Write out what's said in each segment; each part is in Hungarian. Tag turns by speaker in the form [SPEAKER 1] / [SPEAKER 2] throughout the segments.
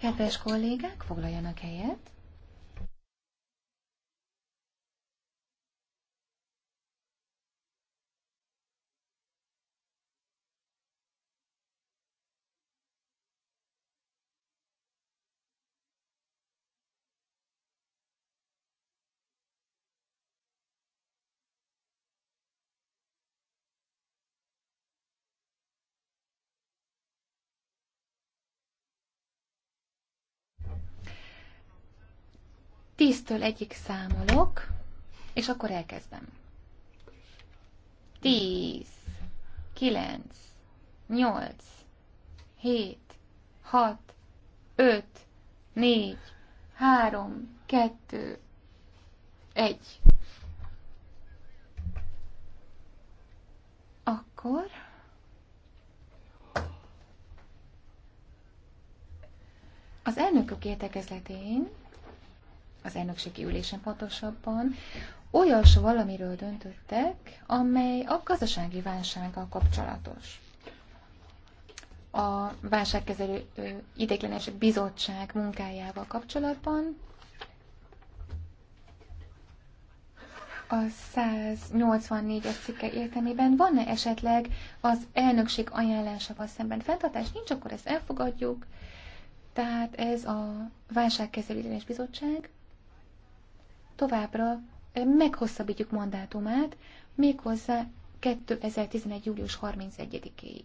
[SPEAKER 1] Kedves kollégák, foglaljanak helyet. Tíztől egyik számolok, és akkor elkezdem. Tíz, kilenc, nyolc, hét, hat, öt, négy, három, kettő, egy. Akkor az elnökök értekezletén az elnökségi ülésen pontosabban, olyas valamiről döntöttek, amely a gazdasági válsággal kapcsolatos. A válságkezelő ideiglenes bizottság munkájával kapcsolatban a 184-es cikke értelmében van-e esetleg az elnökség ajánlásával szemben fenntartás? Nincs, akkor ezt elfogadjuk. Tehát ez a Válságkezelő Bizottság továbbra meghosszabbítjuk mandátumát, méghozzá 2011. július 31-ig.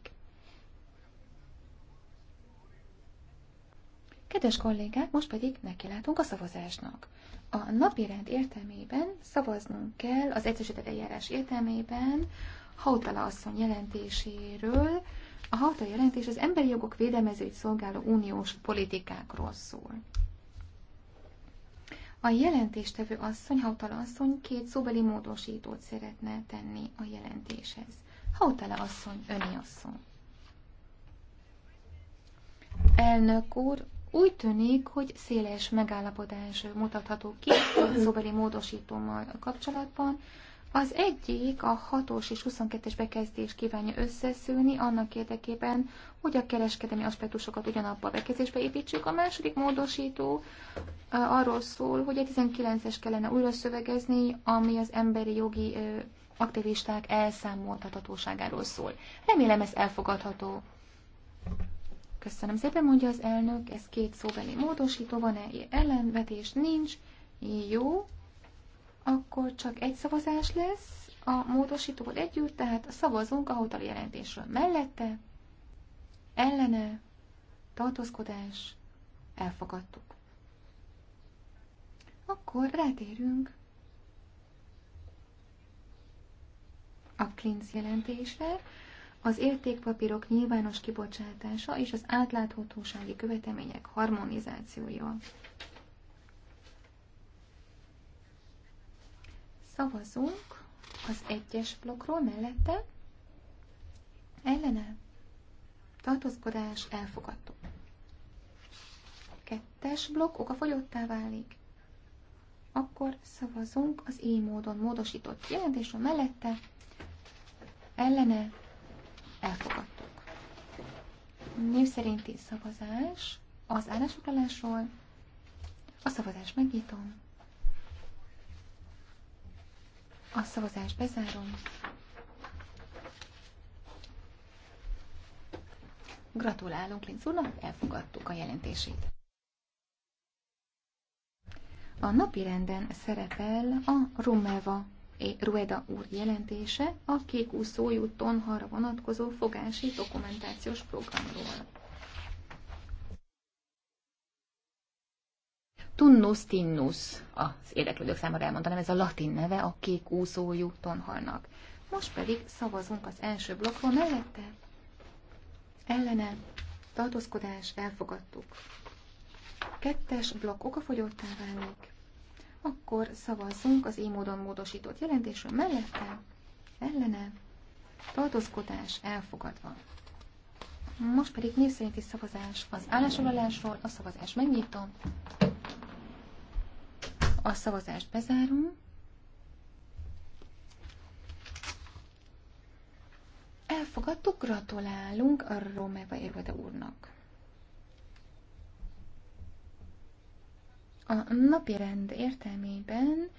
[SPEAKER 1] Kedves kollégák, most pedig nekilátunk a szavazásnak. A napi rend értelmében szavaznunk kell az egyszerűsített eljárás értelmében Hautala asszony jelentéséről. A Hautala jelentés az emberi jogok védelmezőit szolgáló uniós politikákról szól. A jelentéstevő asszony, Hautala asszony két szóbeli módosítót szeretne tenni a jelentéshez. Hautala asszony, öni asszony. Elnök úr, úgy tűnik, hogy széles megállapodás mutatható ki a szóbeli módosítómmal kapcsolatban. Az egyik a 6-os és 22-es bekezdés kívánja összeszülni annak érdekében, hogy a kereskedelmi aspektusokat ugyanabba a bekezdésbe építsük. A második módosító eh, arról szól, hogy a 19-es kellene újra szövegezni, ami az emberi jogi eh, aktivisták elszámoltathatóságáról szól. Remélem ez elfogadható. Köszönöm szépen, mondja az elnök, ez két szóbeli módosító, van-e ellenvetés? Nincs. Jó, akkor csak egy szavazás lesz a módosítóval együtt, tehát szavazunk a hotali jelentésről mellette, ellene, tartózkodás, elfogadtuk. Akkor rátérünk a Klinz jelentésre, az értékpapírok nyilvános kibocsátása és az átláthatósági követelmények harmonizációja. Szavazunk az egyes blokkról mellette. Ellene. Tartózkodás elfogadó. Kettes blokk okafogyottá válik. Akkor szavazunk az így módon módosított jelentésre mellette. Ellene. Elfogadtuk. Név szerinti szavazás az állásfoglalásról. A szavazás megnyitom. A szavazást bezárom. Gratulálunk Linz úrnak, elfogadtuk a jelentését. A napi renden szerepel a Rumeva Rueda úr jelentése a kék úszójú tonhara vonatkozó fogási dokumentációs programról. Tunnus tinnus az érdeklődők számára elmondanám, ez a latin neve a kék úszójú tonhalnak. Most pedig szavazunk az első blokkról mellette. Ellene, tartózkodás, elfogadtuk. Kettes blokk okafogyottá válik. Akkor szavazzunk az így módon módosított jelentésről mellette. Ellene, tartózkodás, elfogadva. Most pedig név szerinti szavazás az állásfoglalásról, a szavazás megnyitom. A szavazást bezárom. Elfogadtuk, gratulálunk a Romeva Érvede úrnak. A napi rend értelmében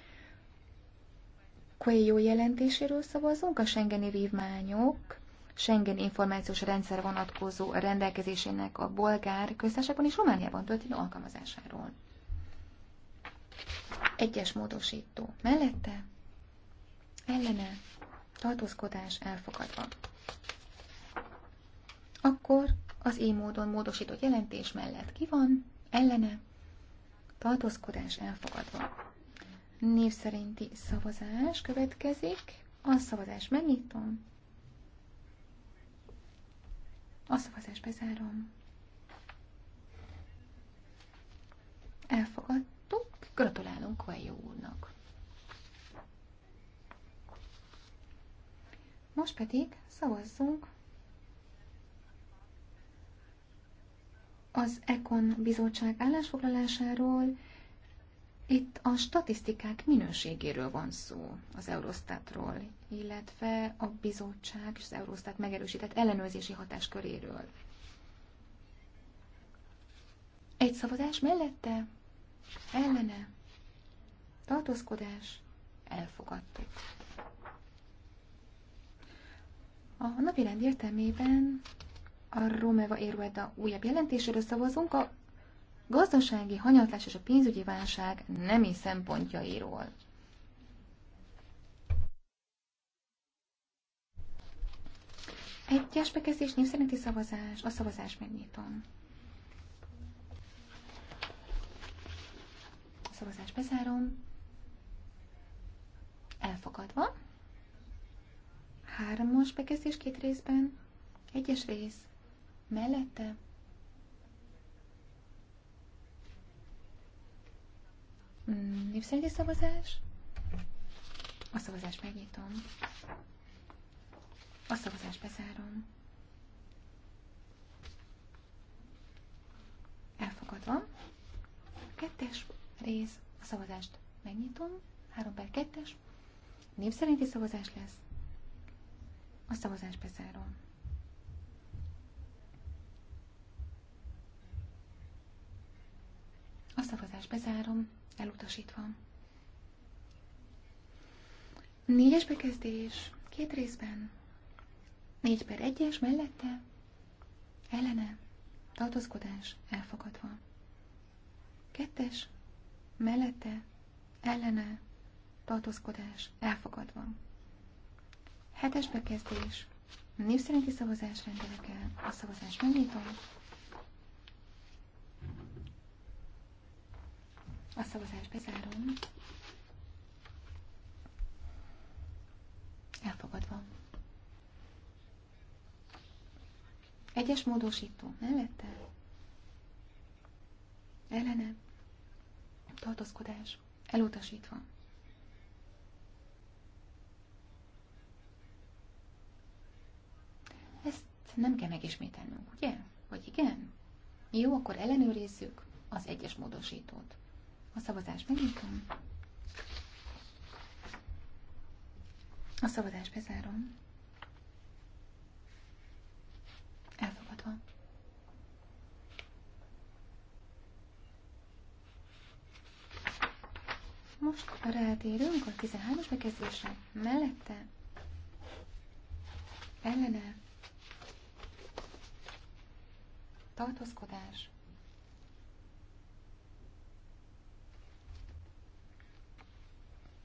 [SPEAKER 1] jó jelentéséről szavazunk, a Schengeni vívmányok, Schengen információs rendszer vonatkozó rendelkezésének a bolgár köztársaságban és Romániában történő alkalmazásáról. Egyes módosító mellette, ellene, tartózkodás elfogadva. Akkor az én módon módosított jelentés mellett ki van, ellene, tartózkodás elfogadva. Név szerinti szavazás következik. A szavazás megnyitom. A szavazás bezárom. Elfogadt. Gratulálunk Koelyó úrnak. Most pedig szavazzunk az Ekon bizottság állásfoglalásáról. Itt a statisztikák minőségéről van szó az Eurostatról, illetve a bizottság és az Eurostat megerősített ellenőrzési hatásköréről. Egy szavazás mellette ellene, tartózkodás, elfogadtuk. A napi rend értelmében a Romeva Érueda újabb jelentéséről szavazunk a gazdasági hanyatlás és a pénzügyi válság nemi szempontjairól. Egyes bekezdés név szerinti szavazás. A szavazás megnyitom. Szavazás bezárom. Elfogadva. Hármas bekezdés két részben. Egyes rész. Mellette. Népszerinti szavazás. A szavazást megnyitom. A szavazást bezárom. Elfogadom. Kettes rész. A szavazást megnyitom. 3 per 2-es. Név szerinti szavazás lesz. A szavazás bezárom. A szavazás bezárom, elutasítva. Négyes bekezdés, két részben. Négy per egyes mellette, ellene, tartozkodás elfogadva. Kettes, mellette, ellene, tartózkodás, elfogadva. Hetes bekezdés, név szerinti szavazás rendelek el, a szavazás megnyitom, a szavazás bezárom, elfogadva. Egyes módosító mellette, ellene, tartózkodás elutasítva. Ezt nem kell megismételnünk, ugye? Vagy igen? Jó, akkor ellenőrizzük az egyes módosítót. A szavazás megnyitom. A szavazás bezárom. Elfogadva. most rátérünk a 13-as bekezdésre. Mellette, ellene, tartózkodás,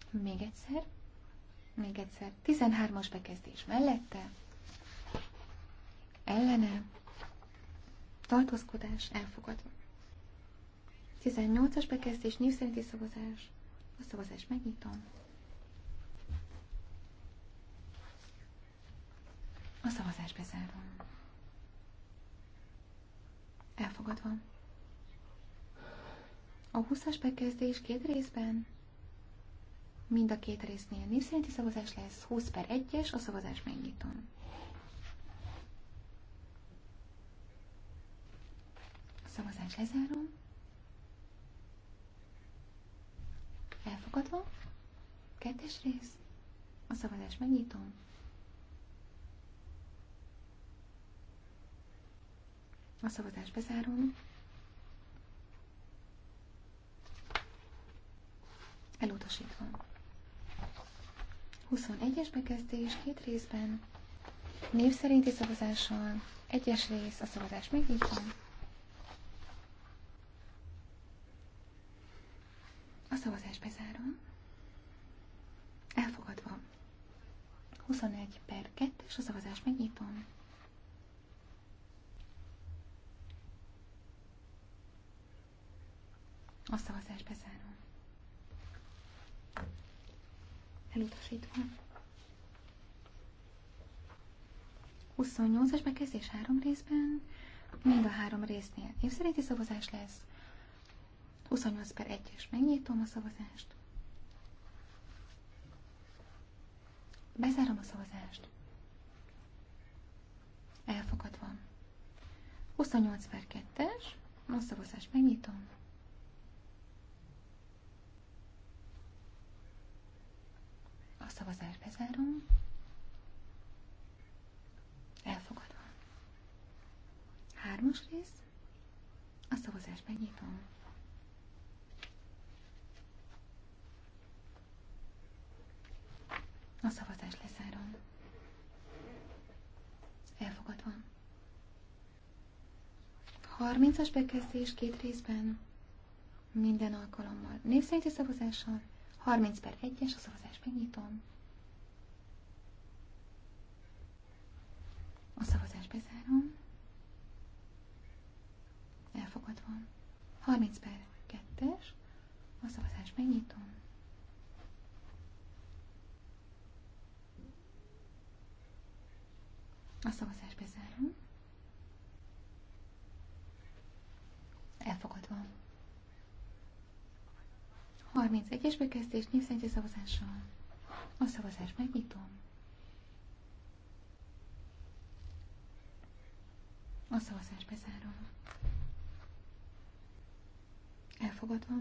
[SPEAKER 1] még egyszer, még egyszer, 13-as bekezdés mellette, ellene, tartózkodás elfogadva. 18-as bekezdés, név szerinti szavazás. A szavazást megnyitom. A szavazás bezárom. Elfogadva. A 20-as bekezdés két részben. Mind a két résznél népszerinti szavazás lesz. 20 per 1-es, a szavazás megnyitom. A szavazás lezárom. Elfogadva. Kettes rész. A szabadás megnyitom. A szabadás bezárom. Elutasítva. 21-es bekezdés két részben. Név szerinti szavazással. Egyes rész. A szavazás megnyitom. szavazás bezárom. Elfogadva. 21 per 2 és a szavazás megnyitom. A szavazás bezárom. Elutasítva. 28-as bekezdés három részben, mind a három résznél. Név szerinti szavazás lesz. 28 per 1-es. Megnyitom a szavazást. Bezárom a szavazást. Elfogadva. 28 per 2-es. A szavazást megnyitom. A szavazást bezárom. Elfogadva. Hármas rész. A szavazást megnyitom. A szavazás lezárom. Elfogadva. 30-as bekezdés két részben. Minden alkalommal. Népszerinti szavazással. 30 per 1-es, a szavazás megnyitom. A szavazás bezárom. Elfogadva. 30 per 2-es, a szavazás megnyitom. A szavazás bezárom. Elfogadva. 31-es bekezdés név a szavazással. A szavazás megnyitom. A szavazás bezárom. Elfogadva.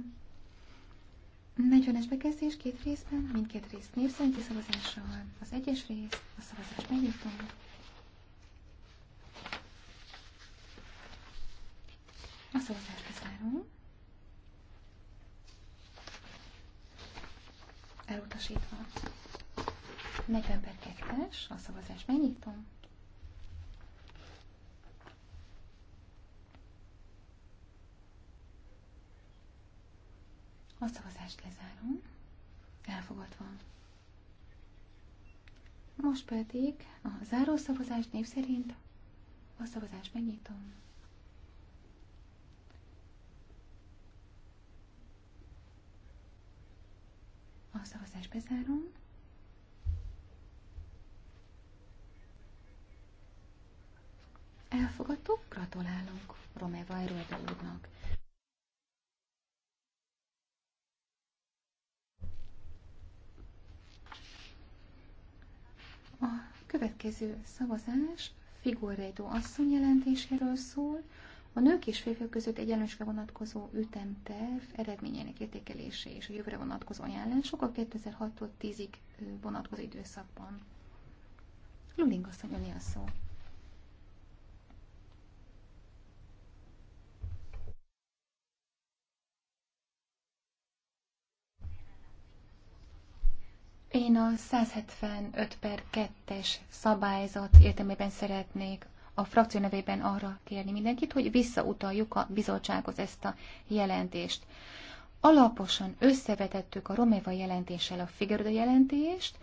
[SPEAKER 1] 40-es bekezdés két részben, mindkét rész név a szavazással. Az egyes rész, a szavazás megnyitom. A szavazást lezárom. Elutasítva. 40 per 2-es, a szavazást megnyitom. A szavazást lezárom. Elfogadva. Most pedig a zárószavazás név szerint a szavazást megnyitom. A szavazást bezárom. Elfogadtuk, gratulálunk Romeva Vajrolda úrnak. A következő szavazás Figurredo asszony jelentéséről szól, a nők és férfiak között egyenlősre vonatkozó ütemterv eredményének értékelése és a jövőre vonatkozó ajánlások a 2006-tól 10-ig vonatkozó időszakban. Luling asszony, a szó. Én a 175 per 2-es szabályzat értelmében szeretnék a frakció nevében arra kérni mindenkit, hogy visszautaljuk a bizottsághoz ezt a jelentést. Alaposan összevetettük a Romeva jelentéssel a Figueredo jelentést,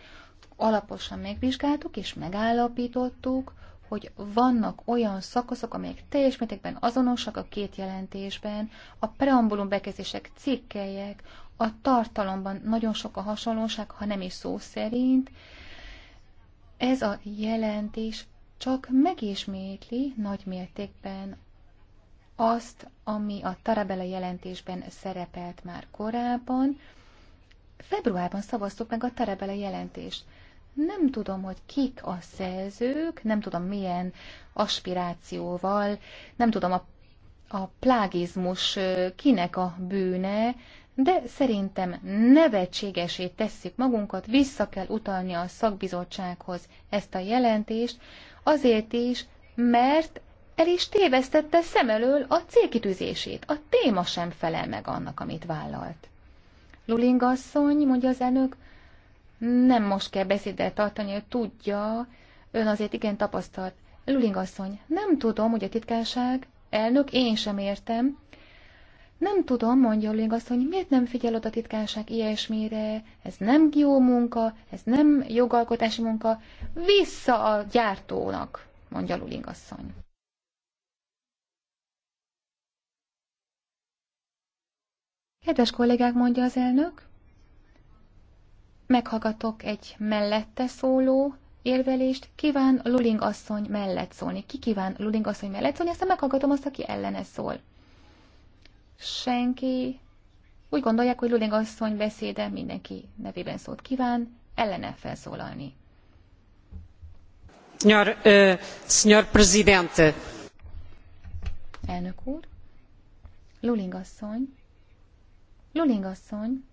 [SPEAKER 1] alaposan megvizsgáltuk és megállapítottuk, hogy vannak olyan szakaszok, amelyek teljes mértékben azonosak a két jelentésben, a preambulum bekezdések, cikkelyek, a tartalomban nagyon sok a hasonlóság, ha nem is szó szerint. Ez a jelentés csak megismétli nagy mértékben azt, ami a Tarabella jelentésben szerepelt már korábban. Februárban szavaztuk meg a Tarabella jelentést. Nem tudom, hogy kik a szerzők, nem tudom milyen aspirációval, nem tudom a, a plágizmus kinek a bűne, de szerintem nevetségesé tesszük magunkat, vissza kell utalni a szakbizottsághoz ezt a jelentést, Azért is, mert el is tévesztette szem elől a célkitűzését. A téma sem felel meg annak, amit vállalt. Luling asszony, mondja az elnök, nem most kell beszédet tartani, hogy tudja, ön azért igen tapasztalt. Luling asszony, nem tudom, hogy a titkárság, elnök, én sem értem, nem tudom, mondja Léng azt, hogy miért nem figyel oda a titkárság ilyesmire, ez nem jó munka, ez nem jogalkotási munka, vissza a gyártónak, mondja a Kedves kollégák, mondja az elnök, meghallgatok egy mellette szóló érvelést, kíván Luling asszony mellett szólni. Ki kíván Luling asszony mellett szólni, aztán meghallgatom azt, aki ellene szól. Senki. Úgy gondolják, hogy Luling asszony beszéde mindenki nevében szót kíván, ellene felszólalni. Nyar, uh, presidente. Elnök úr. Luling asszony. Luling asszony.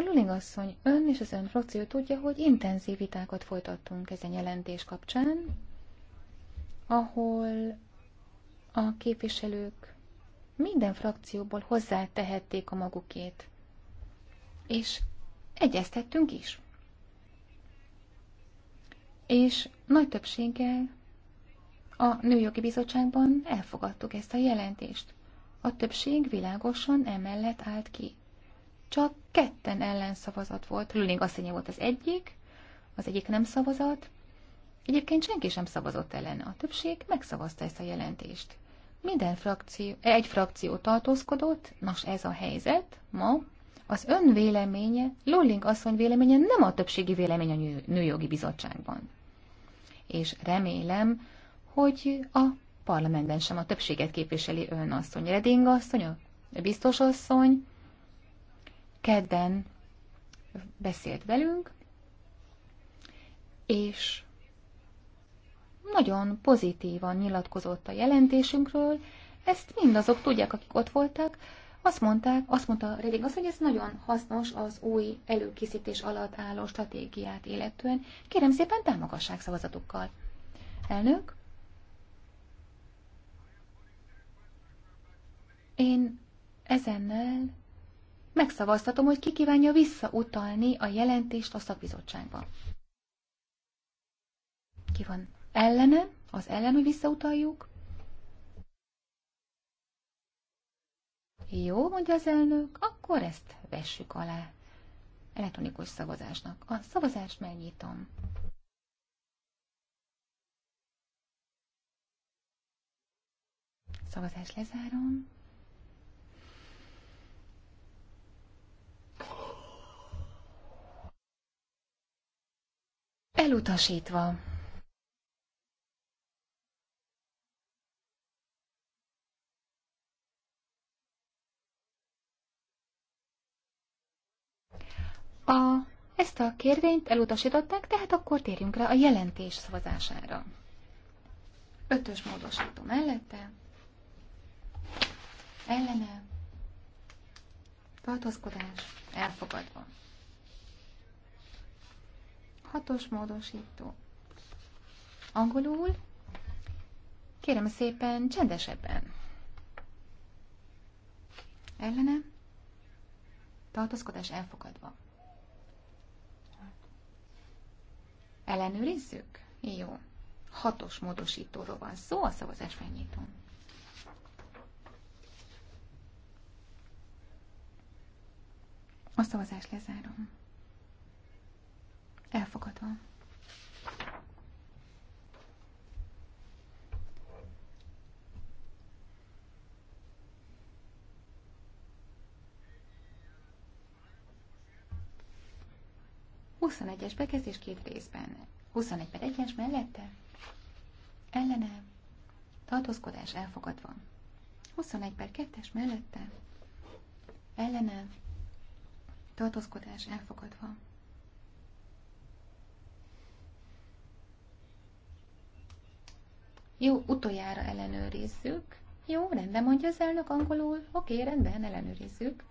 [SPEAKER 1] A Luling asszony, ön és az ön frakció tudja, hogy intenzív vitákat folytattunk ezen jelentés kapcsán, ahol a képviselők minden frakcióból hozzátehették a magukét, és egyeztettünk is. És nagy többséggel a Nőjogi Bizottságban elfogadtuk ezt a jelentést. A többség világosan emellett állt ki csak ketten ellenszavazat volt. Lüling asszonya volt az egyik, az egyik nem szavazat. Egyébként senki sem szavazott ellen. A többség megszavazta ezt a jelentést. Minden frakció, egy frakció tartózkodott, nos ez a helyzet ma. Az ön véleménye, Lulling asszony véleménye nem a többségi vélemény a Nőjogi Bizottságban. És remélem, hogy a parlamentben sem a többséget képviseli ön asszony. Reding asszony, a biztos asszony, kedden beszélt velünk, és nagyon pozitívan nyilatkozott a jelentésünkről, ezt mindazok tudják, akik ott voltak, azt mondták, azt mondta Reding azt, hogy ez nagyon hasznos az új előkészítés alatt álló stratégiát illetően. Kérem szépen támogassák szavazatukkal. Elnök? Én ezennel megszavaztatom, hogy ki kívánja visszautalni a jelentést a szakbizottságba. Ki van ellene? Az ellen, hogy visszautaljuk? Jó, mondja az elnök, akkor ezt vessük alá elektronikus szavazásnak. A szavazást megnyitom. Szavazást lezárom. Elutasítva. A, ezt a kérvényt elutasították, tehát akkor térjünk rá a jelentés szavazására. Ötös módosító mellette, ellene, tartózkodás, elfogadva. Hatos módosító. Angolul. Kérem szépen csendesebben. Ellene. Tartózkodás elfogadva. Ellenőrizzük? Jó. Hatos módosítóról van szó, a szavazás megnyitom. A szavazást lezárom. Elfogadva. Huszonegyes bekezdés két részben. 21 per egyes mellette? Ellene. Tartózkodás elfogadva. 21 per 2-es mellette? Ellene. Tartózkodás elfogadva. Jó, utoljára ellenőrizzük. Jó, rendben mondja az elnök angolul. Oké, rendben, ellenőrizzük.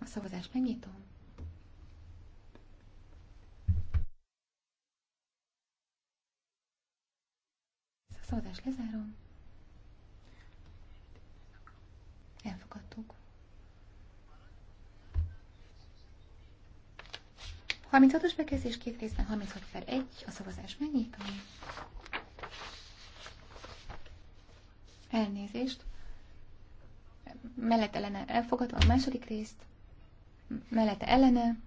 [SPEAKER 1] A szavazást megnyitom. A szavazást lezárom. Elfogadtuk. 36-os bekezdés két részben, 36 per 1, a szavazás megnyitom. Elnézést. Mellette ellene elfogadva a második részt. Mellette ellene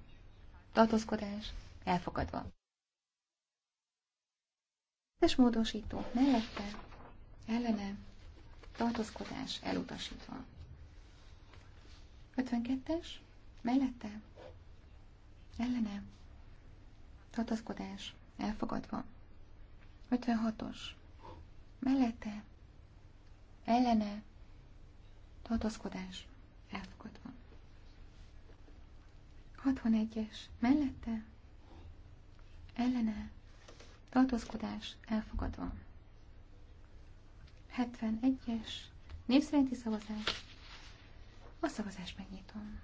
[SPEAKER 1] tartózkodás elfogadva. És módosító mellette ellene tartózkodás elutasítva. 52-es mellette ellene, tartaszkodás, elfogadva. 56-os, mellette, ellene, tartaszkodás, elfogadva. 61-es, mellette, ellene, Tartaszkodás. elfogadva. 71-es, népszerinti szavazás, a szavazást megnyitom.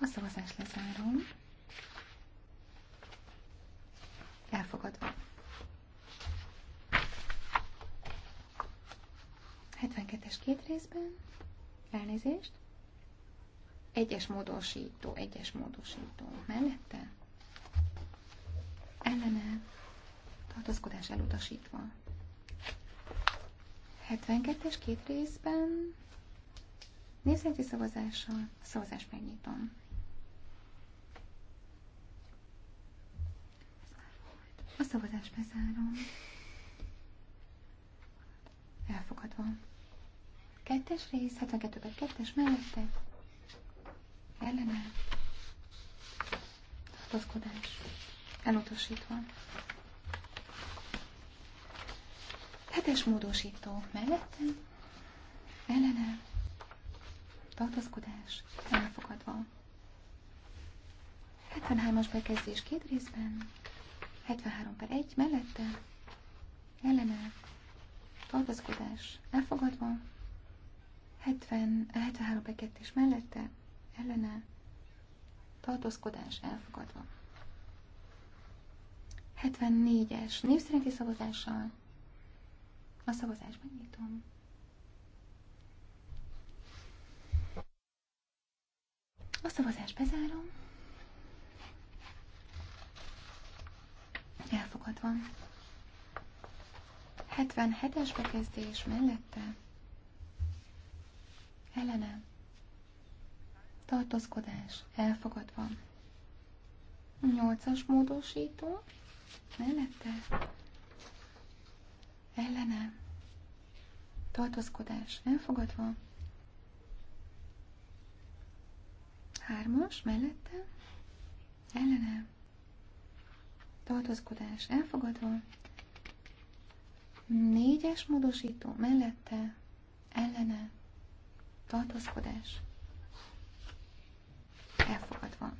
[SPEAKER 1] A szavazás lezárom. Elfogadva. 72-es két részben. Elnézést. Egyes módosító, egyes módosító. Mellette? Ellene. Tartózkodás elutasítva. 72-es két részben. Nézheti szavazással. A szavazást megnyitom. A szabadást bezárom. Elfogadva. Kettes rész, hát a 2 kettes mellette. Ellene. Tartózkodás. Elutasítva. Hetes módosító mellette. Ellene. Tartózkodás. Elfogadva. 73-as bekezdés két részben 73 per 1 mellette, ellene, tartozkodás elfogadva, 70, 73 per 2 és mellette, ellene, tartozkodás elfogadva. 74-es név szerinti szavazással a szavazást megnyitom. A szavazást bezárom. Elfogadva. 77-es bekezdés mellette. Elene Tartózkodás. Elfogadva. 8-as módosító. Mellette. Elene Tartózkodás. Elfogadva. 3-as mellette. ellenem tartozkodás elfogadva, négyes módosító mellette, ellene, tartozkodás elfogadva.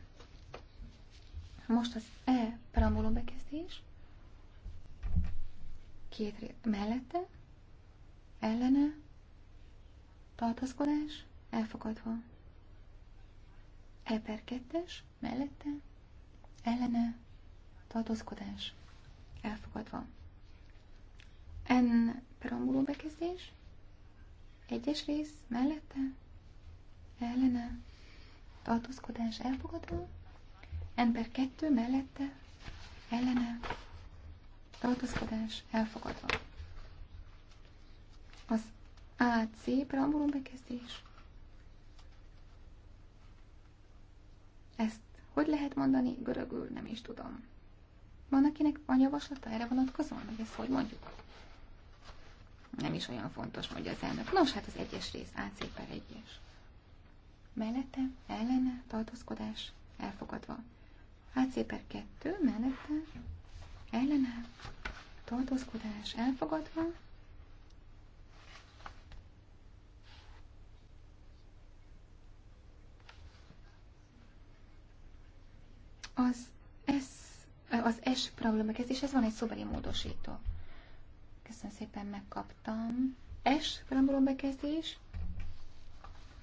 [SPEAKER 1] Most az E preambuló bekezdés, két ré... mellette, ellene, tartozkodás elfogadva. E per kettes mellette, ellene, tartózkodás, elfogadva. en perambuló bekezdés, egyes rész, mellette, ellene, tartózkodás, elfogadva. en per kettő mellette, ellene, tartózkodás, elfogadva. Az AC preambulum bekezdés. Ezt hogy lehet mondani? Görögül nem is tudom. Van, akinek van javaslata erre vonatkozóan, hogy ezt hogy mondjuk? Nem is olyan fontos, mondja az elnök. Nos, hát az egyes rész, AC per egyes. Mellette, ellene, tartózkodás, elfogadva. AC per kettő, mellette, ellene, tartózkodás, elfogadva. Az S az S probléma ez van egy szobeli módosító. Köszönöm szépen, megkaptam. S preambulum bekezdés.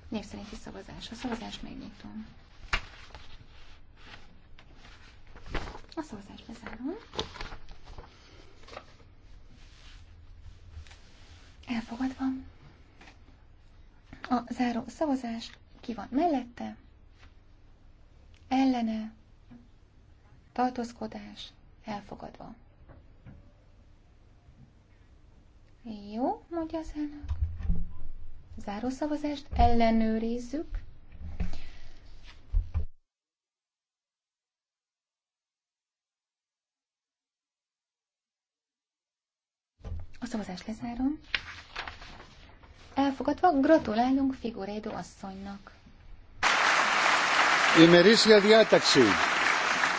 [SPEAKER 1] Név szerinti szavazás. A szavazás megnyitom. A szavazás bezárom. Elfogadva. A záró szavazás ki van mellette, ellene, tartózkodás elfogadva. Jó, mondja az elnök. Zárószavazást ellenőrizzük. A szavazást lezárom. Elfogadva gratulálunk Figurédo asszonynak.
[SPEAKER 2] Ημερήσια διάταξη.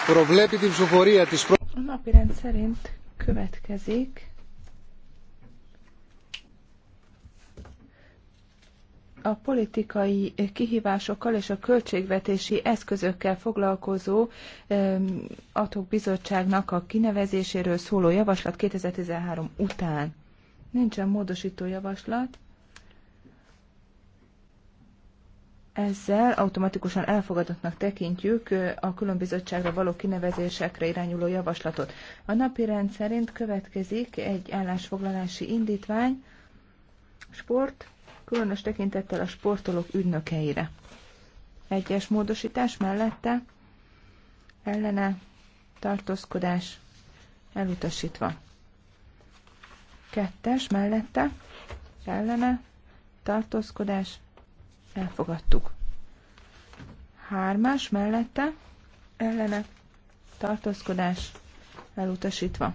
[SPEAKER 2] A
[SPEAKER 3] napirend szerint következik a politikai kihívásokkal és a költségvetési eszközökkel foglalkozó Atok Bizottságnak a kinevezéséről szóló javaslat 2013 után. Nincsen módosító javaslat. Ezzel automatikusan elfogadottnak tekintjük a különbizottságra való kinevezésekre irányuló javaslatot. A napi rend szerint következik egy állásfoglalási indítvány, sport, különös tekintettel a sportolók ügynökeire. Egyes módosítás mellette ellene tartózkodás elutasítva. Kettes mellette ellene tartózkodás elfogadtuk. Hármás mellette ellene tartózkodás elutasítva.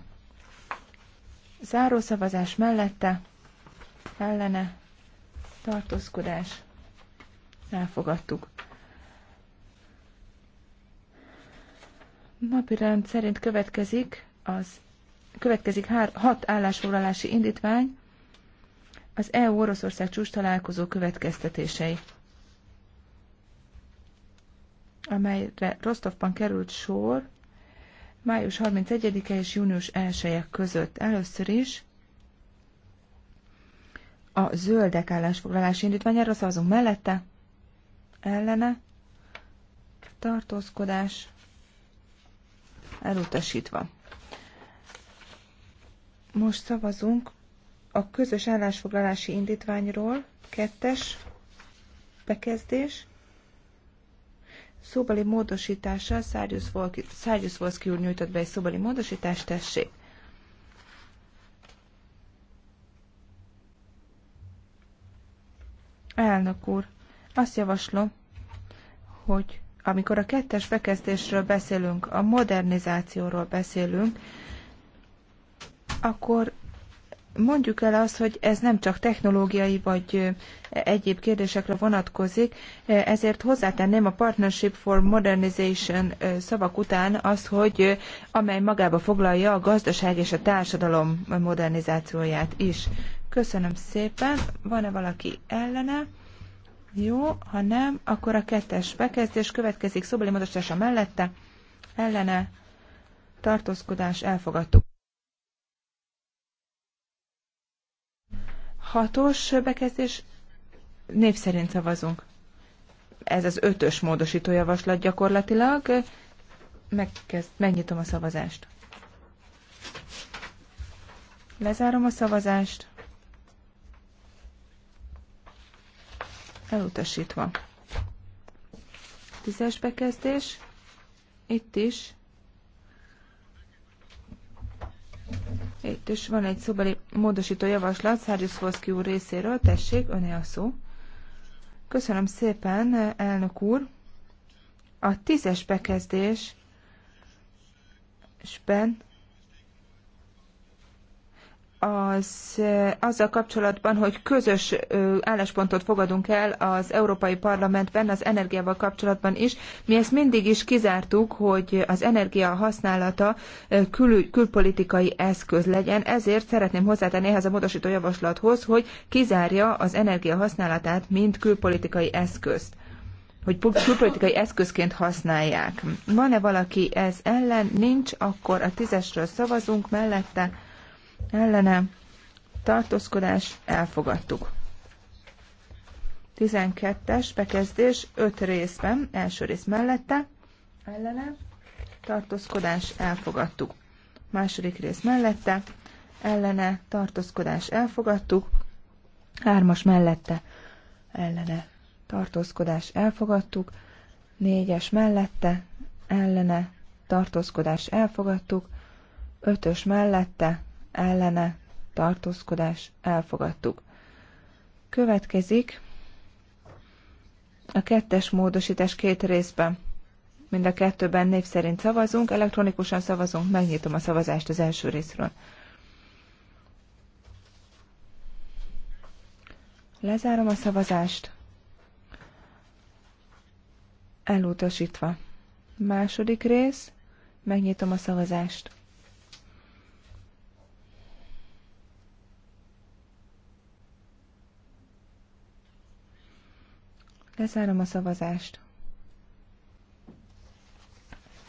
[SPEAKER 3] Zárószavazás mellette ellene tartózkodás elfogadtuk. Napirend szerint következik az következik hár, hat állásfoglalási indítvány, az EU-Oroszország csúcs találkozó következtetései, amelyre Rostovban került sor május 31-e és június 1 -e között. Először is a zöldek állásfoglalási indítványára szavazunk mellette, ellene, tartózkodás, elutasítva. Most szavazunk a közös állásfoglalási indítványról, kettes bekezdés, szóbeli módosítása, Szárgyusz Volszki úr nyújtott be egy szóbeli módosítást, tessék. Elnök úr, azt javaslom, hogy amikor a kettes bekezdésről beszélünk, a modernizációról beszélünk, akkor mondjuk el azt, hogy ez nem csak technológiai vagy egyéb kérdésekre vonatkozik, ezért hozzátenném a Partnership for Modernization szavak után azt, hogy amely magába foglalja a gazdaság és a társadalom modernizációját is. Köszönöm szépen. Van-e valaki ellene? Jó, ha nem, akkor a kettes bekezdés következik szobeli módosítása mellette. Ellene tartózkodás elfogadtuk. Hatos bekezdés, név szerint szavazunk. Ez az ötös módosító javaslat gyakorlatilag. Megkezd, megnyitom a szavazást. Lezárom a szavazást. Elutasítva. Tízes bekezdés. Itt is Itt is van egy szóbeli módosító javaslat Szárjuszfoszki úr részéről. Tessék, öné a szó. Köszönöm szépen, elnök úr. A tízes bekezdés Spen az, eh, azzal kapcsolatban, hogy közös álláspontot fogadunk el az Európai Parlamentben az energiával kapcsolatban is. Mi ezt mindig is kizártuk, hogy az energia használata kül, külpolitikai eszköz legyen, ezért szeretném hozzátenni ehhez a módosító javaslathoz, hogy kizárja az energia használatát, mint külpolitikai eszközt hogy külpolitikai eszközként használják. Van-e valaki ez ellen? Nincs, akkor a tízesről szavazunk mellette ellene tartózkodás elfogadtuk. 12-es bekezdés 5 részben, első rész mellette, ellene, tartózkodás elfogadtuk. Második rész mellette, ellene, tartózkodás elfogadtuk. Hármas mellette, ellene, tartózkodás elfogadtuk. Négyes mellette, ellene, tartózkodás elfogadtuk. Ötös mellette, ellene tartózkodás elfogadtuk. Következik a kettes módosítás két részben. Mind a kettőben név szerint szavazunk, elektronikusan szavazunk, megnyitom a szavazást az első részről. Lezárom a szavazást. Elutasítva. Második rész. Megnyitom a szavazást. Lezárom a szavazást.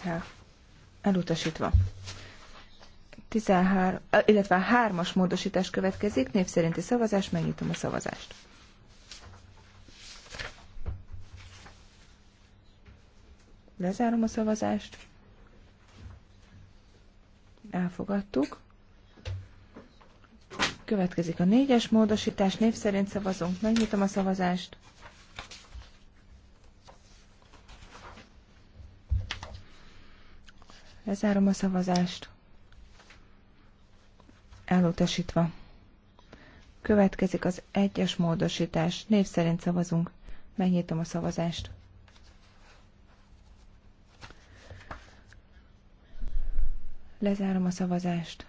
[SPEAKER 3] Ja. elutasítva. 13, illetve a hármas módosítás következik, név szerinti szavazás, megnyitom a szavazást. Lezárom a szavazást. Elfogadtuk. Következik a négyes módosítás, név szerint szavazunk, megnyitom a szavazást. Lezárom a szavazást. Elutasítva. Következik az egyes módosítás. Név szerint szavazunk. Megnyitom a szavazást. Lezárom a szavazást.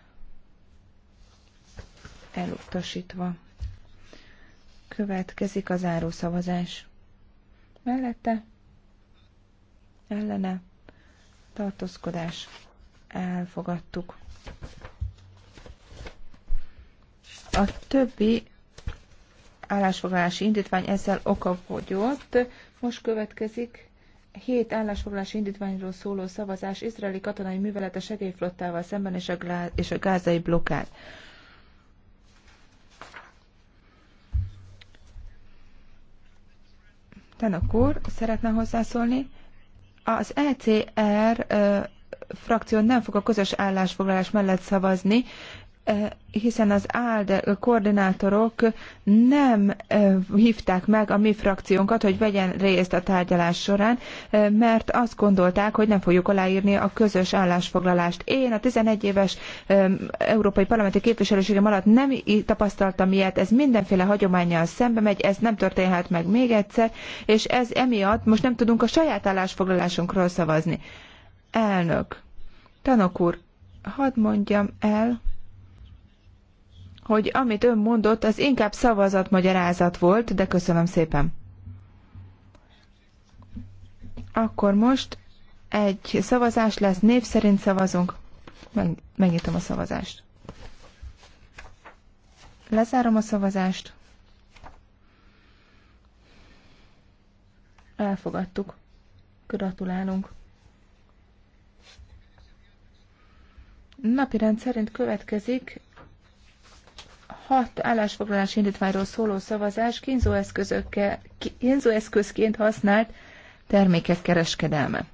[SPEAKER 3] Elutasítva. Következik a záró szavazás. Mellette. Ellene tartózkodás elfogadtuk. A többi állásfoglalási indítvány ezzel okafogyott. Most következik hét állásfoglalási indítványról szóló szavazás izraeli katonai művelet a segélyflottával szemben és a, glá- és a gázai blokkád. Tanak úr, szeretne hozzászólni? Az ECR frakció nem fog a közös állásfoglalás mellett szavazni, Eh, hiszen az ALDE koordinátorok nem eh, hívták meg a mi frakciónkat, hogy vegyen részt a tárgyalás során, eh, mert azt gondolták, hogy nem fogjuk aláírni a közös állásfoglalást. Én a 11 éves európai parlamenti képviselőségem alatt nem tapasztaltam ilyet, ez mindenféle hagyományjal szembe megy, ez nem történhet meg még egyszer, és ez emiatt most nem tudunk a saját állásfoglalásunkról szavazni. Elnök, tanok úr, hadd mondjam el, hogy amit ön mondott, az inkább szavazatmagyarázat volt, de köszönöm szépen. Akkor most egy szavazás lesz, név szerint szavazunk. Megnyitom a szavazást. Lezárom a szavazást. Elfogadtuk. Gratulálunk. Napirend szerint következik hat állásfoglalási indítványról szóló szavazás kínzóeszközként használt termékek kereskedelme.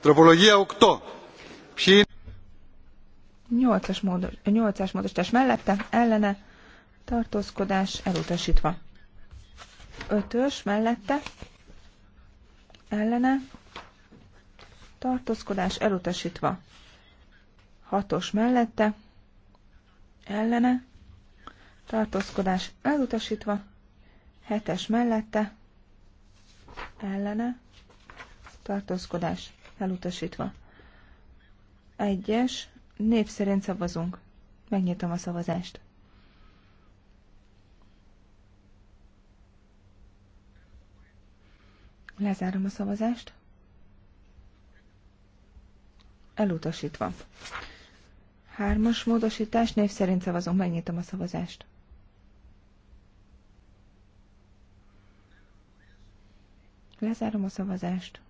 [SPEAKER 2] Τροπολογία 8. Ποιοι
[SPEAKER 3] 8-as módos, 8-as módosítás mellette, ellene tartózkodás elutasítva. Ötös mellette, ellene, tartózkodás elutasítva. Hatos mellette, ellene, tartózkodás elutasítva. Hetes mellette, ellene, tartózkodás elutasítva. Egyes, név szerint szavazunk. Megnyitom a szavazást. Lezárom a szavazást. Elutasítva. Hármas módosítás, név szerint szavazom, megnyitom a szavazást. Lezárom a szavazást.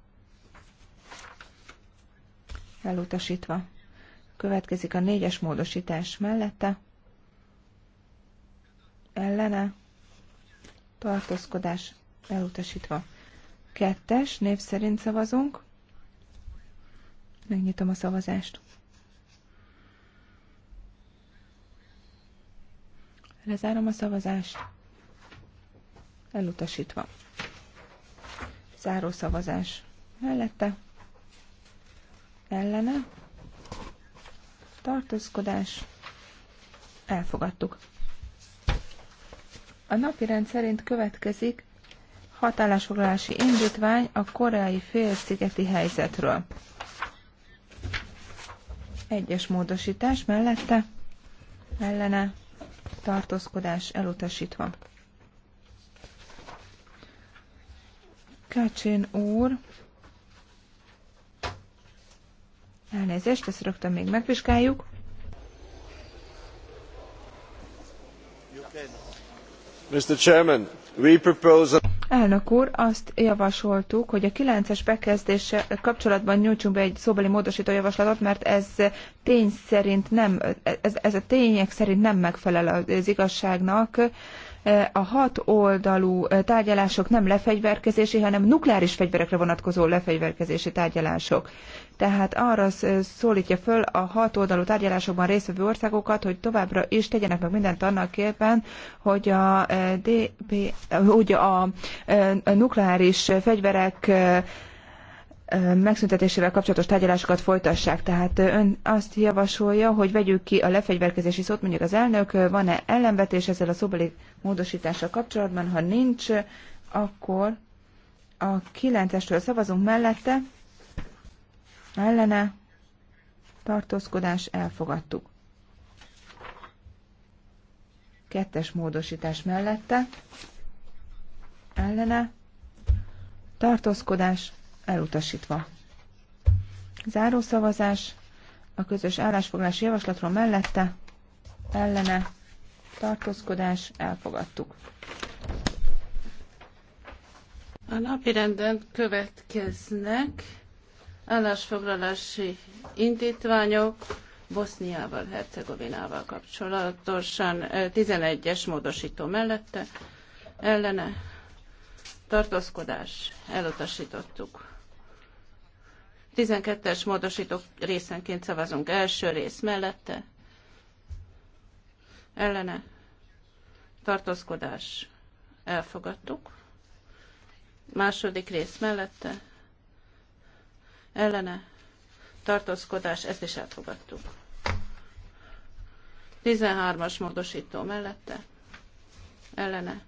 [SPEAKER 3] Elutasítva. Következik a négyes módosítás mellette. Ellene. Tartózkodás elutasítva. Kettes, név szerint szavazunk. Megnyitom a szavazást. Lezárom a szavazást. Elutasítva. Záró szavazás. Mellette. Ellene. Tartózkodás. Elfogadtuk. A napi rend szerint következik hatállásfoglalási indítvány a koreai félszigeti helyzetről. Egyes módosítás mellette ellene tartózkodás elutasítva. Kácsén úr, elnézést, ezt rögtön még megvizsgáljuk.
[SPEAKER 2] Mr. Chairman, we propose a
[SPEAKER 3] Elnök úr, azt javasoltuk, hogy a 9-es bekezdéssel kapcsolatban nyújtsunk be egy szóbeli módosító javaslatot, mert ez tény szerint nem, ez, ez a tények szerint nem megfelel az igazságnak. E, a hat oldalú e, tárgyalások nem lefegyverkezési, hanem nukleáris fegyverekre vonatkozó lefegyverkezési tárgyalások. Tehát arra e, szólítja föl a hat oldalú tárgyalásokban résztvevő országokat, hogy továbbra is tegyenek meg mindent annak képen, hogy a, DP, hogy a nukleáris fegyverek megszüntetésével kapcsolatos tárgyalásokat folytassák. Tehát ön azt javasolja, hogy vegyük ki a lefegyverkezési szót, mondjuk az elnök, van-e ellenvetés ezzel a szóbeli módosítással kapcsolatban? Ha nincs, akkor a 9-estől szavazunk mellette, ellene, tartózkodás, elfogadtuk. Kettes módosítás mellette, ellene, tartózkodás, elutasítva. Záró szavazás a közös állásfoglalási javaslatról mellette, ellene, tartózkodás, elfogadtuk.
[SPEAKER 2] A renden következnek állásfoglalási indítványok Boszniával, Hercegovinával kapcsolatosan 11-es eh, módosító mellette ellene tartózkodás elutasítottuk. 12-es módosító részenként szavazunk. Első rész mellette. Ellene. Tartózkodás. Elfogadtuk. Második rész mellette. Ellene. Tartózkodás. Ezt is elfogadtuk. 13-as módosító mellette. Ellene.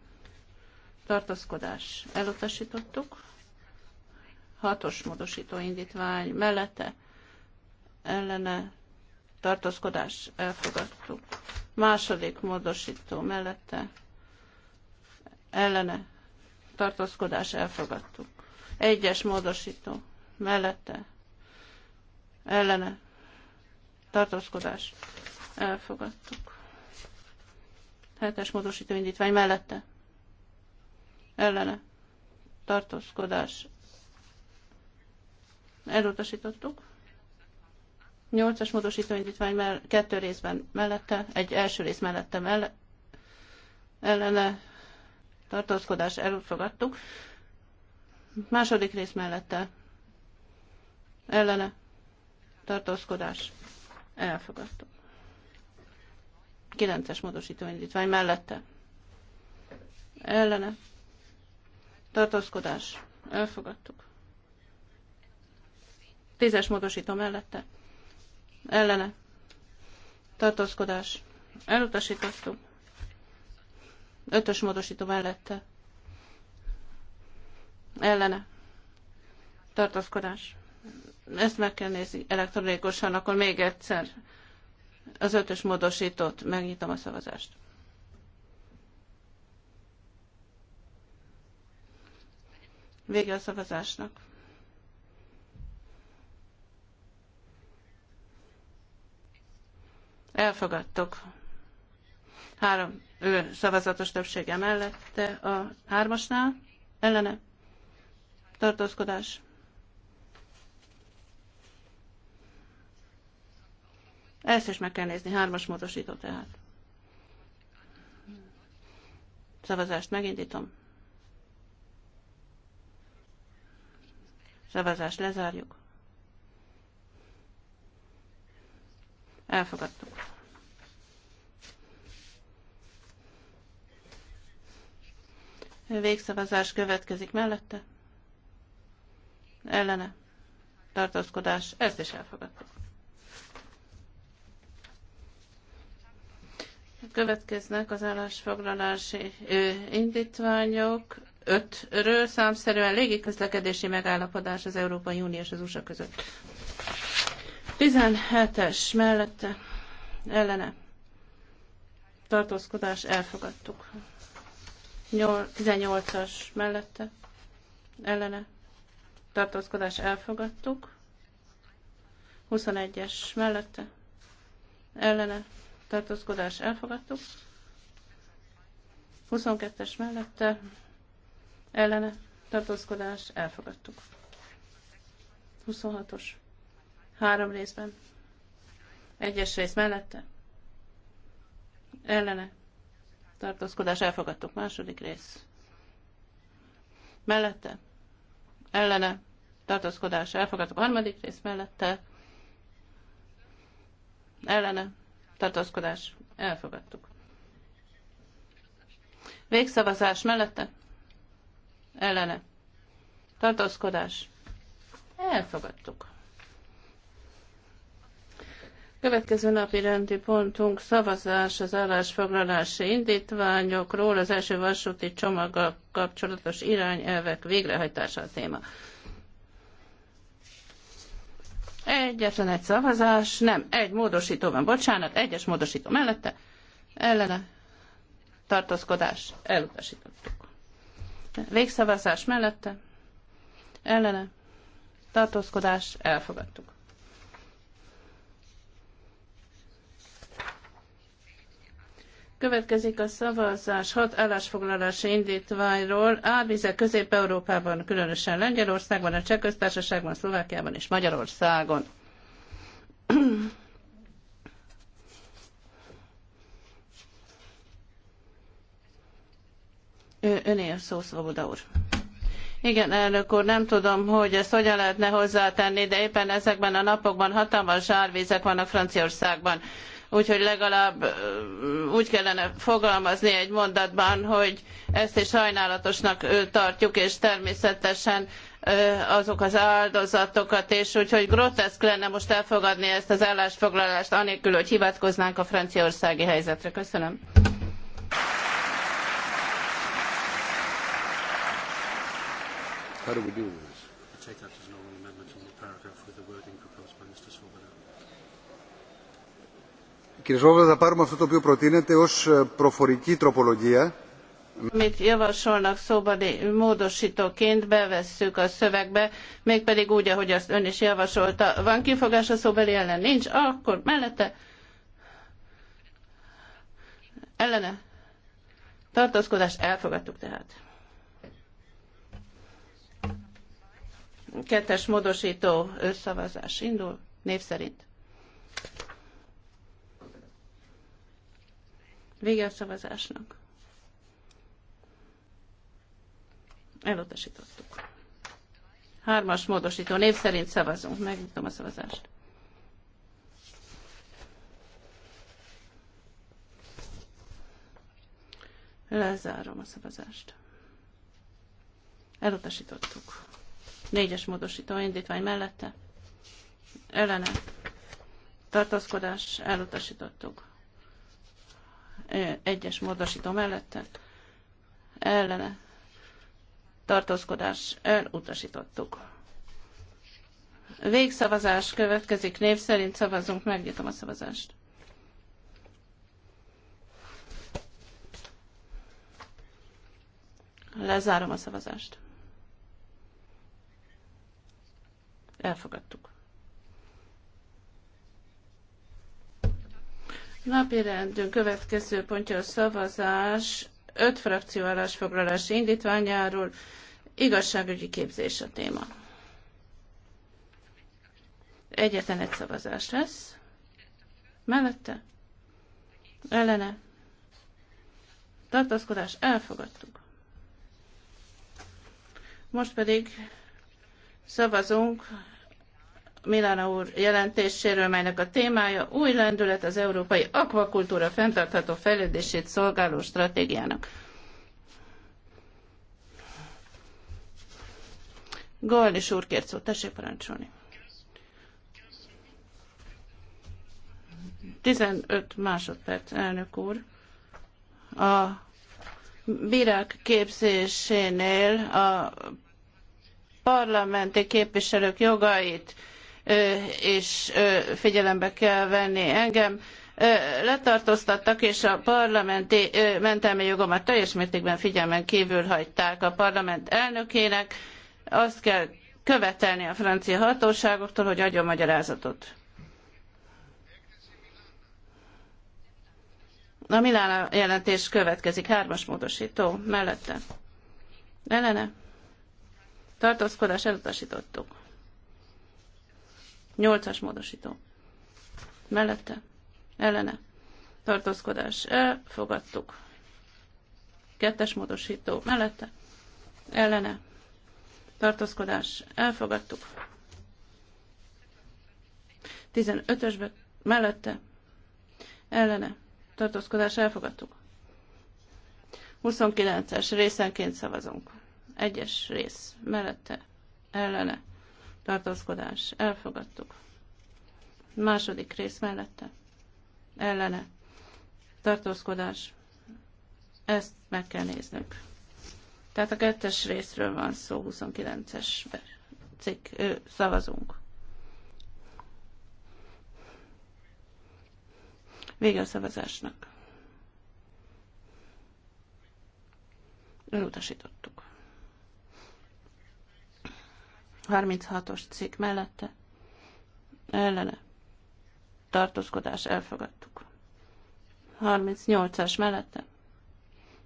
[SPEAKER 2] Tartózkodás. Elutasítottuk. Hatos módosító indítvány mellette ellene tartózkodás elfogadtuk. Második módosító mellette ellene tartózkodás elfogadtuk. Egyes módosító mellette ellene tartózkodás elfogadtuk. Hetes módosító indítvány mellette ellene tartózkodás elutasítottuk. Nyolcas as módosítóindítvány mell- kettő részben mellette, egy első rész mellette mell- ellene tartózkodás elfogadtuk. Második rész mellette ellene tartózkodás elfogadtuk. Kilences es módosítóindítvány mellette ellene tartózkodás elfogadtuk. Tízes módosító mellette. Ellene. Tartózkodás. Elutasítottuk. Ötös módosító mellette. Ellene. Tartózkodás. Ezt meg kell nézni elektronikusan, akkor még egyszer az ötös módosítót megnyitom a szavazást. Vége a szavazásnak. Elfogadtok. Három ő szavazatos többsége mellette a hármasnál. Ellene. Tartózkodás. Ezt is meg kell nézni, hármas módosító tehát. Szavazást megindítom. Szavazást lezárjuk. Elfogadtuk. Végszavazás következik mellette. Ellene. Tartózkodás. Ezt is elfogadtuk. Következnek az állásfoglalási indítványok. Ötről számszerűen közlekedési megállapodás az Európai Unió és az USA között. 17-es mellette ellene tartózkodás elfogadtuk. 18-as mellette ellene tartózkodás elfogadtuk. 21-es mellette ellene tartózkodás elfogadtuk. 22-es mellette ellene tartózkodás elfogadtuk. 26-os. Három részben. Egyes rész mellette. Ellene tartózkodás elfogadtuk. Második rész. Mellette. Ellene. Tartózkodás elfogadtuk. Harmadik rész mellette. Ellene. Tartózkodás elfogadtuk. Végszavazás mellette. Ellene. Tartózkodás. Elfogadtuk. Következő napi rendi pontunk szavazás az állásfoglalási indítványokról, az első vasúti csomaggal kapcsolatos irányelvek végrehajtása a téma. Egyetlen egy szavazás, nem, egy módosító van, bocsánat, egyes módosító mellette, ellene, tartózkodás, elutasítottuk. Végszavazás mellette, ellene, tartózkodás, elfogadtuk. Következik a szavazás hat állásfoglalási indítványról Árvize Közép-Európában, különösen Lengyelországban, a Köztársaságban, Szlovákiában és Magyarországon. Ő, öné a szó, Szvoboda úr. Igen, elnök úr, nem tudom, hogy ezt hogyan lehetne hozzátenni, de éppen ezekben a napokban hatalmas árvizek vannak Franciaországban úgyhogy legalább úgy kellene fogalmazni egy mondatban, hogy ezt is sajnálatosnak tartjuk, és természetesen azok az áldozatokat, és úgyhogy groteszk lenne most elfogadni ezt az állásfoglalást, anélkül, hogy hivatkoznánk a franciaországi helyzetre. Köszönöm. How do we do this? Amit javasolnak szóbeli módostóként bevesszük a szövegbe, mégpedig úgy, ahogy azt ön is javasolta. Van kifogás a szóbeli ellen? Nincs? Akkor mellette? Ellene? Tartózkodás elfogadtuk tehát. Kettes módosító szavazás indul, név szerint. Vége a szavazásnak. Elutasítottuk. Hármas módosító név szerint szavazunk. Megnyitom a szavazást. Lezárom a szavazást. Elutasítottuk. Négyes módosító indítvány mellette. Ellene. Tartózkodás. Elutasítottuk egyes módosító mellette ellene tartózkodás elutasítottuk. Végszavazás következik, név szerint szavazunk, megnyitom a szavazást. Lezárom a szavazást. Elfogadtuk. Napi rendünk következő pontja a szavazás öt frakció állásfoglalási indítványáról. Igazságügyi képzés a téma. Egyetlen egy szavazás lesz. Mellette? Ellene? Tartaszkodás? elfogadtuk. Most pedig szavazunk Milana úr jelentéséről, melynek a témája új lendület az európai akvakultúra fenntartható fejlődését szolgáló stratégiának. Gallis úr kért szót, tessék parancsolni. 15 másodperc, elnök úr. A bírák képzésénél a parlamenti képviselők jogait és figyelembe kell venni engem. Letartóztattak, és a parlamenti mentelmi jogomat teljes mértékben figyelmen kívül hagyták a parlament elnökének. Azt kell követelni a francia hatóságoktól, hogy adjon magyarázatot. A Milán jelentés következik, hármas módosító mellette. Ellene. Tartózkodás elutasítottuk. Nyolcas módosító. Mellette. Ellene. Tartózkodás. Elfogadtuk. Kettes módosító. Mellette. Ellene. Tartózkodás. Elfogadtuk. Tizenötösbe Mellette. Ellene. Tartózkodás. Elfogadtuk. 29-es részenként szavazunk. Egyes rész. Mellette. Ellene tartózkodás, elfogadtuk. Második rész mellette, ellene, tartózkodás, ezt meg kell néznünk. Tehát a kettes részről van szó, 29-es cikk, Ő, szavazunk. Vége a szavazásnak. Elutasítottuk. 36-os cikk mellette ellene tartózkodás elfogadtuk. 38-as mellette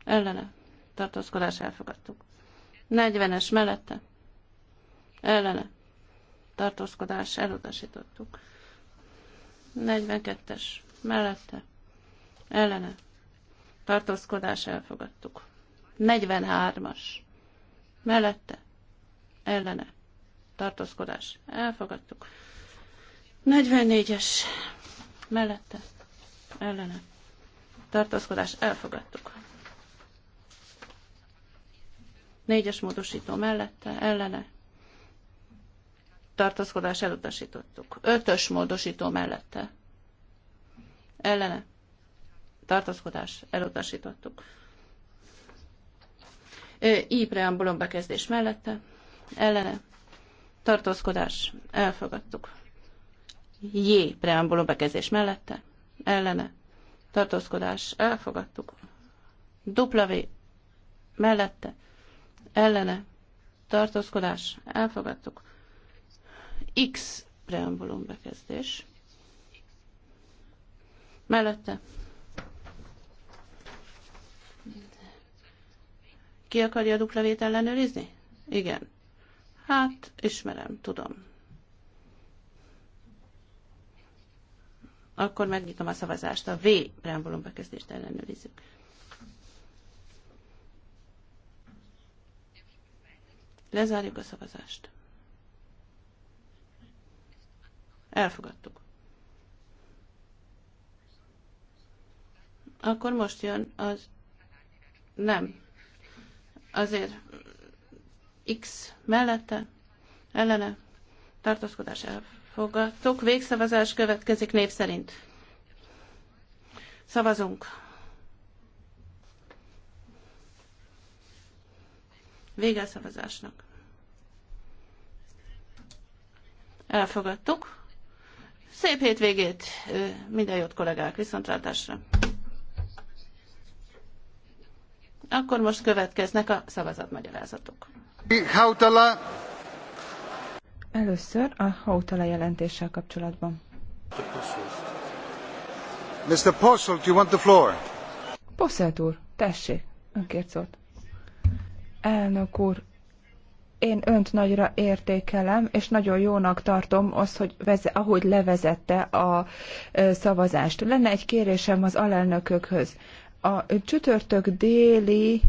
[SPEAKER 2] ellene tartózkodás elfogadtuk. 40-es mellette ellene tartózkodás elutasítottuk. 42-es mellette ellene tartózkodás elfogadtuk. 43-as mellette ellene tartózkodás. Elfogadtuk. 44-es mellette ellene tartózkodás. Elfogadtuk. 4-es módosító mellette ellene tartózkodás elutasítottuk. 5-ös módosító mellette ellene tartózkodás elutasítottuk. I preambulum bekezdés mellette ellene tartózkodás, elfogadtuk. J. Preambuló bekezdés mellette, ellene, tartózkodás, elfogadtuk. W. Mellette, ellene, tartózkodás, elfogadtuk. X. Preambulum bekezdés. Mellette. Ki akarja a duplavét ellenőrizni? Igen. Hát, ismerem, tudom. Akkor megnyitom a szavazást. A V preambulum bekezdést ellenőrizzük. Lezárjuk a szavazást. Elfogadtuk. Akkor most jön az... Nem. Azért X mellette, ellene, tartózkodás elfogadtuk. Végszavazás következik név szerint. Szavazunk. Vége a szavazásnak. Elfogadtuk. Szép hétvégét, minden jót kollégák, viszontlátásra. Akkor most következnek a szavazatmagyarázatok. Hautala. Először
[SPEAKER 3] a Hautala jelentéssel kapcsolatban.
[SPEAKER 2] Mr. Posselt, you want the floor?
[SPEAKER 3] Posselt úr, tessék, önkért szólt. Elnök úr, én önt nagyra értékelem, és nagyon jónak tartom azt, hogy veze, ahogy levezette a szavazást. Lenne egy kérésem az alelnökökhöz. A csütörtök déli